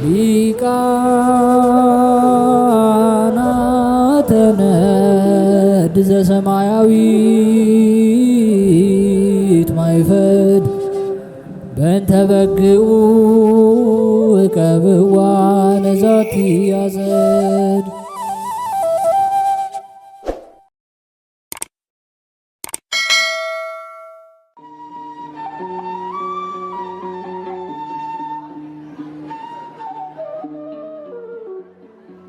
ሊቃናተ ነድ ዘሰማያዊት ማይፈድ በእንተ በግኡ እቀብዋ ነዛቲ ያዘ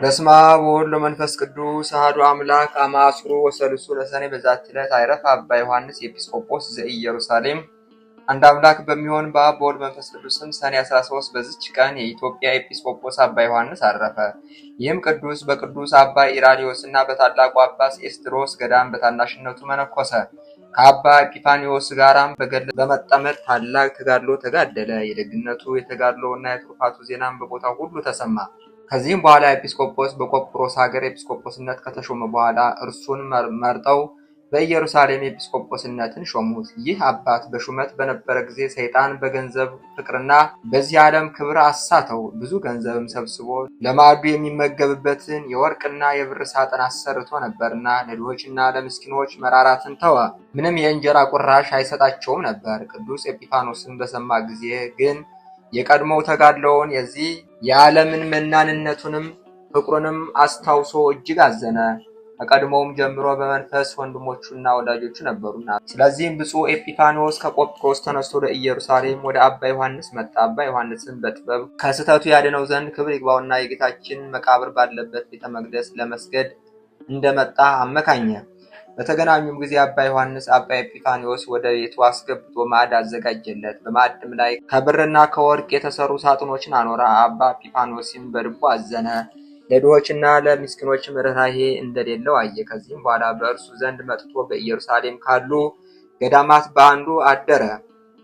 በስመ አብ ወወልድ ወመንፈስ ቅዱስ አሐዱ አምላክ አመ ዐሥሩ ወሠላሱ ለሰኔ በዛቲ ዕለት አይረፍ አባ ዮሐንስ ኤጲስቆጶስ ዘኢየሩሳሌም። አንድ አምላክ በሚሆን በአብ በወልድ መንፈስ ቅዱስም ሰኔ 13 በዚች ቀን የኢትዮጵያ ኤጲስቆጶስ አባ ዮሐንስ አረፈ። ይህም ቅዱስ በቅዱስ አባ ኢራዲዮስ እና በታላቁ አባስ ኤስትሮስ ገዳም በታናሽነቱ መነኮሰ። ከአባ ኤጲፋኒዎስ ጋራም በመጠመድ ታላቅ ተጋድሎ ተጋደለ። የደግነቱ የተጋድሎ እና የትሩፋቱ ዜናም በቦታው ሁሉ ተሰማ። ከዚህም በኋላ ኤጲስቆጶስ በቆጵሮስ ሀገር ኤጲስቆጶስነት ከተሾመ በኋላ እርሱን መርጠው በኢየሩሳሌም ኤጲስቆጶስነትን ሾሙት። ይህ አባት በሹመት በነበረ ጊዜ ሰይጣን በገንዘብ ፍቅርና በዚህ ዓለም ክብር አሳተው። ብዙ ገንዘብም ሰብስቦ ለማዕዱ የሚመገብበትን የወርቅና የብር ሳጥን አሰርቶ ነበርና ለድሆችና ለምስኪኖች መራራትን ተወ። ምንም የእንጀራ ቁራሽ አይሰጣቸውም ነበር። ቅዱስ ኤጲፋኖስን በሰማ ጊዜ ግን የቀድሞው ተጋድሎውን የዚህ የዓለምን መናንነቱንም ፍቅሩንም አስታውሶ እጅግ አዘነ። ከቀድሞውም ጀምሮ በመንፈስ ወንድሞቹና ወዳጆቹ ነበሩና። ስለዚህም ብፁዕ ኤጲፋኖስ ከቆጵሮስ ተነስቶ ወደ ኢየሩሳሌም ወደ አባ ዮሐንስ መጣ። አባ ዮሐንስን በጥበብ ከስህተቱ ያድነው ዘንድ ክብር ይግባውና የጌታችን መቃብር ባለበት ቤተ መቅደስ ለመስገድ እንደመጣ አመካኘ። በተገናኙም ጊዜ አባ ዮሐንስ አባ ኤጲፋኒዎስ ወደ ቤቱ አስገብቶ ማዕድ አዘጋጀለት። በማዕድም ላይ ከብርና ከወርቅ የተሰሩ ሳጥኖችን አኖራ። አባ ኤጲፋኒዎስም በልቡ አዘነ። ለድሆችና ለምስኪኖችም ርኅራኄ እንደሌለው አየ። ከዚህም በኋላ በእርሱ ዘንድ መጥቶ በኢየሩሳሌም ካሉ ገዳማት በአንዱ አደረ።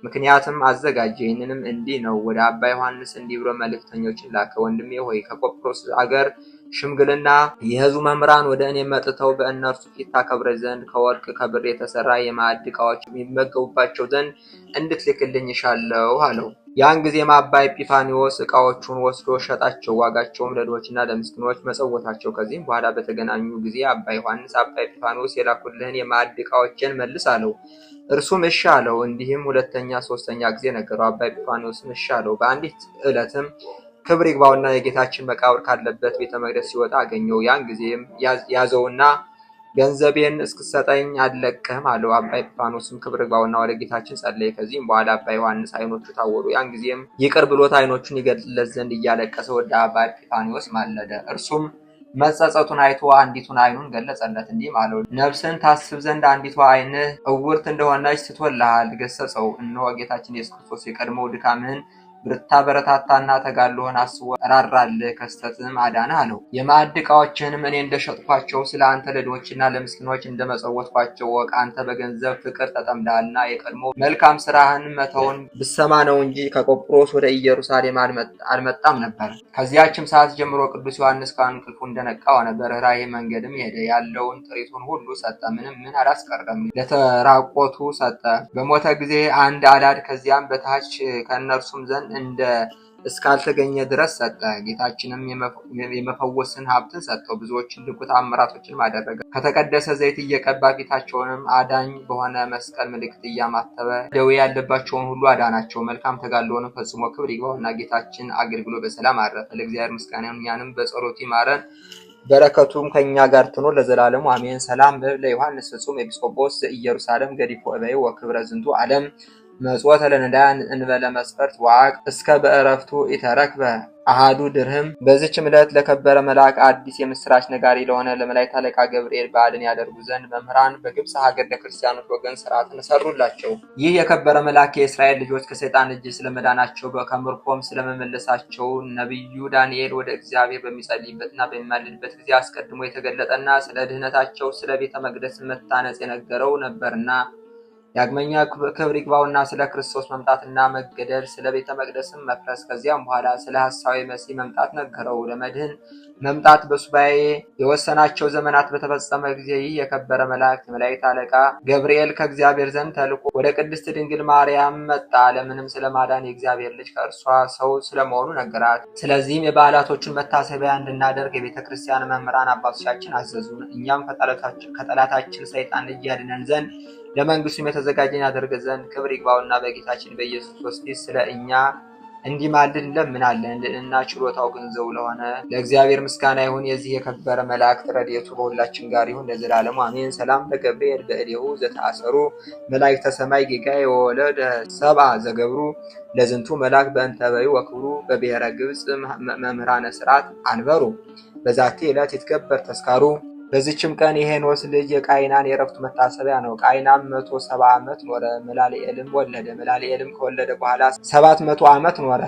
ምክንያትም አዘጋጀ። ይህንንም እንዲህ ነው። ወደ አባ ዮሐንስ እንዲህ ብሎ መልእክተኞችን ላከ። ወንድሜ ሆይ ከቆጵሮስ አገር ሽምግልና የህዝቡ መምህራን ወደ እኔ መጥተው በእነርሱ ፊት ታከብረች ዘንድ ከወርቅ ከብር የተሰራ የማዕድ ዕቃዎች የሚመገቡባቸው ዘንድ እንድትልክልኝ ይሻለው አለው። ያን ጊዜም አባ ኤጲፋኒዎስ እቃዎቹን ወስዶ ሸጣቸው፣ ዋጋቸውም ለድሆችና ለምስኪኖች መጸወታቸው። ከዚህም በኋላ በተገናኙ ጊዜ አባ ዮሐንስ አባ ኤጲፋኒዎስ የላኩልህን የማዕድ እቃዎችን መልስ አለው። እርሱም እሺ አለው። እንዲህም ሁለተኛ ሶስተኛ ጊዜ ነገረው። አባ ኤጲፋኒዎስም እሺ አለው። በአንዲት ዕለትም ክብር ይግባውና የጌታችን መቃብር ካለበት ቤተ መቅደስ ሲወጣ አገኘው። ያን ጊዜም ያዘውና ገንዘቤን እስክሰጠኝ አለቅህም አለው። አባ ኢጲፋኖስም ክብር ይግባውና ወደ ጌታችን ጸለየ። ከዚህም በኋላ አባ ዮሐንስ አይኖቹ ታወሩ። ያን ጊዜም ይቅር ብሎት አይኖቹን ይገልጥለት ዘንድ እያለቀሰ ወደ አባ ኢጲፋኖስ ማለደ። እርሱም መጸጸቱን አይቶ አንዲቱን አይኑን ገለጸለት፣ እንዲህም አለው ነፍስን ታስብ ዘንድ አንዲቷ አይንህ እውርት እንደሆነች ትቶልሃል፣ ገሰጸው። እነሆ ጌታችን ኢየሱስ ክርስቶስ የቀድሞው ድካምህን በረታታና ተጋድሎህን አስቦ ራራልህ ከስተትም አዳና አለው። የማዕድ ዕቃዎችህንም እኔ እንደሸጥኳቸው ስለ አንተ ለድሆችና ለምስኪኖች እንደመጸወትኳቸው ወቅ አንተ በገንዘብ ፍቅር ተጠምዳልና የቀድሞ መልካም ስራህን መተውን ብሰማ ነው እንጂ ከቆጵሮስ ወደ ኢየሩሳሌም አልመጣም ነበር። ከዚያችም ሰዓት ጀምሮ ቅዱስ ዮሐንስ ከእንቅልፉ እንደነቃ ሆነ። ራይ መንገድም ሄደ። ያለውን ጥሪቱን ሁሉ ሰጠ። ምንም ምን አላስቀረም። ለተራቆቱ ሰጠ። በሞተ ጊዜ አንድ አላድ ከዚያም በታች ከእነርሱም ዘንድ እንደ እስካልተገኘ ድረስ ሰጠ። ጌታችንም የመፈወስን ሀብትን ሰጠው። ብዙዎችን ድንቅ ተአምራቶችን አደረገ። ከተቀደሰ ዘይት እየቀባ ጌታቸውንም አዳኝ በሆነ መስቀል ምልክት እያማተበ ደዌ ያለባቸውን ሁሉ አዳናቸው። መልካም ተጋድሎውንም ፈጽሞ ክብር ይግባው እና ጌታችን አገልግሎ በሰላም አረፈ። ለእግዚአብሔር ምስጋና ይሁን። እኛንም በጸሎቱ ይማረን በረከቱም ከእኛ ጋር ትኖር ለዘላለሙ አሜን። ሰላም ለዮሐንስ ፍጹም ኤጲስቆጶስ ዘኢየሩሳሌም ገዲፎ እበይ ወክብረ ዝንቱ ዓለም መጽወተ ለነዳ እንበለ መስፈርት ዋቅ እስከ በእረፍቱ ኢተረክበ አሃዱ ድርህም። በዚችም ዕለት ለከበረ መልአክ አዲስ የምስራች ነጋሪ ለሆነ ለመላእክት አለቃ ገብርኤል በዓልን ያደርጉ ዘንድ መምህራን በግብፅ ሀገር ለክርስቲያኖች ወገን ስርዓትን ሰሩላቸው። ይህ የከበረ መልአክ የእስራኤል ልጆች ከሰይጣን እጅ ስለመዳናቸው ከምርኮም ስለመመለሳቸው ነቢዩ ዳንኤል ወደ እግዚአብሔር በሚጸልይበትና በሚማልድበት ጊዜ አስቀድሞ የተገለጠና ስለ ድህነታቸው ስለ ቤተ መቅደስ መታነጽ የነገረው ነበርና ዳግመኛ ክብር ይግባውና ስለ ክርስቶስ መምጣትና መገደል፣ ስለ ቤተ መቅደስም መፍረስ፣ ከዚያም በኋላ ስለ ሐሳዊ መሲህ መምጣት ነገረው። ለመድህን መምጣት በሱባኤ የወሰናቸው ዘመናት በተፈጸመ ጊዜ ይህ የከበረ መላእክት የመላእክት አለቃ ገብርኤል ከእግዚአብሔር ዘንድ ተልኮ ወደ ቅድስት ድንግል ማርያም መጣ። ለምንም ስለ ማዳን የእግዚአብሔር ልጅ ከእርሷ ሰው ስለመሆኑ ነገራት። ስለዚህም የበዓላቶቹን መታሰቢያ እንድናደርግ የቤተ ክርስቲያን መምህራን አባቶቻችን አዘዙን። እኛም ከጠላታችን ሰይጣን ልጅ ያድነን ዘንድ ለመንግስቱ የተዘጋጀን ያደርግ ዘንድ ክብር ይግባውና በጌታችን በኢየሱስ ክርስቶስ ስለ እኛ እንዲማልድ እንለምናለን። ልዕልና ችሎታው ገንዘቡ ለሆነ ለእግዚአብሔር ምስጋና ይሁን። የዚህ የከበረ መላእክት ረድኤቱ በሁላችን ጋር ይሁን ለዘላለሙ አሜን። ሰላም ለገብርኤል በእሌሁ ዘተአሰሩ መላእክተ ሰማይ ጌጋዬ ወወለደ ሰብአ ዘገብሩ ለዝንቱ መልአክ በእንተበዩ ወክብሩ በብሔረ ግብፅ መምህራነ ስርዓት አንበሩ በዛቴ ዕለት ይትገበር ተስካሩ በዚችም ቀን የሄኖስ ልጅ የቃይናን የረፍት መታሰቢያ ነው። ቃይናም መቶ ሰባ ዓመት ኖረ፣ መላልኤልም ወለደ። መላልኤልም ከወለደ በኋላ ሰባት መቶ ዓመት ኖረ፣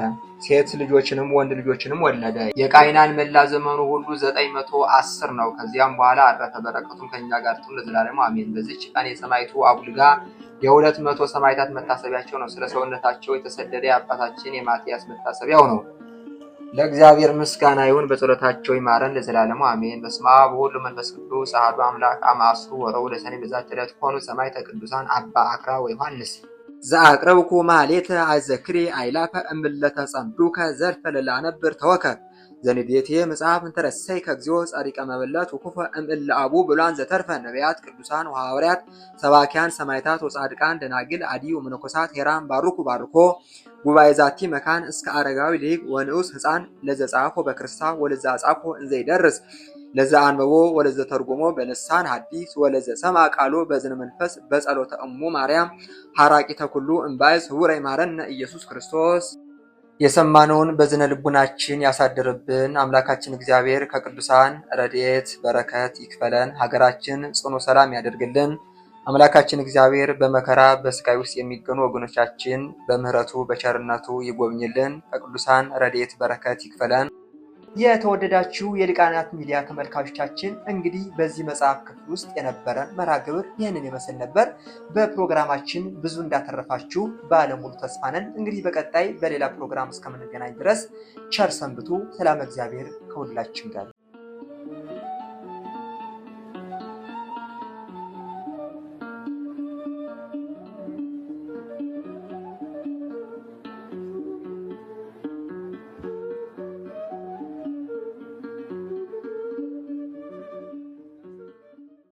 ሴት ልጆችንም ወንድ ልጆችንም ወለደ። የቃይናን መላ ዘመኑ ሁሉ ዘጠኝ መቶ አስር ነው። ከዚያም በኋላ አረፈ። በረከቱም ከእኛ ጋር ትሁን ለዘላለሙ አሜን። በዚች ቀን የሰማዕቱ አቡልጋ የሁለት መቶ ሰማይታት መታሰቢያቸው ነው። ስለ ሰውነታቸው የተሰደደ የአባታችን የማትያስ መታሰቢያው ነው። ለእግዚአብሔር ምስጋና ይሁን፣ በጸሎታቸው ይማረን ለዘላለሙ አሜን። በስመ አብ ወወልድ ወመንፈስ ቅዱስ አሐዱ አምላክ አመ ዐሥሩ ወርኅዉ ለሰኔ በዛቲ ዕለት ኮኑ ሰማዕተ ቅዱሳን አባ አክራ ወዮሐንስ ዘአቅረብኩ ማሕሌተ አዘክሬ አይላፈ እምለተ ጸምዱከ ዘርፈ ለለአነብር ተወከብ ዘንዴቴ መጽሐፍ እንተረሰይ ከእግዚኦ ጻድቀ መበለት ወኩፈ እምእለ አቡ ብሏን ዘተርፈ ነቢያት ቅዱሳን ወሐዋርያት ሰባኪያን ሰማይታት ወጻድቃን ደናግል አዲዩ መነኮሳት ሄራን ባርኩ ባርኮ ጉባኤ ዛቲ መካን እስከ አረጋዊ ሊግ ወንዑስ ህፃን ለዘጻፎ በክርስታ ወለዛ ጻፎ እንዘይደርስ ለዛ አንበቦ ወለዘ ተርጎሞ በልሳን ሐዲስ ወለዘ ሰማ ቃሎ በዝነ መንፈስ በጸሎተ እሙ ማርያም ሐራቂ ተኩሉ እምባይስ ህውራይ ማረነ ኢየሱስ ክርስቶስ የሰማነውን በዝነ ልቡናችን ያሳደርብን አምላካችን እግዚአብሔር ከቅዱሳን ረድኤት በረከት ይክፈለን። ሀገራችን ጽኑ ሰላም ያደርግልን። አምላካችን እግዚአብሔር በመከራ በስቃይ ውስጥ የሚገኑ ወገኖቻችን በምሕረቱ በቸርነቱ ይጎብኝልን። ከቅዱሳን ረድኤት በረከት ይክፈለን። የተወደዳችሁ የልቃናት ሚዲያ ተመልካቾቻችን እንግዲህ በዚህ መጽሐፍ ክፍል ውስጥ የነበረን መርሃ ግብር ይህንን ይመስል ነበር። በፕሮግራማችን ብዙ እንዳተረፋችሁ ባለሙሉ ተስፋ ነን። እንግዲህ በቀጣይ በሌላ ፕሮግራም እስከምንገናኝ ድረስ ቸር ሰንብቱ። ሰላም፣ እግዚአብሔር ከሁላችን ጋር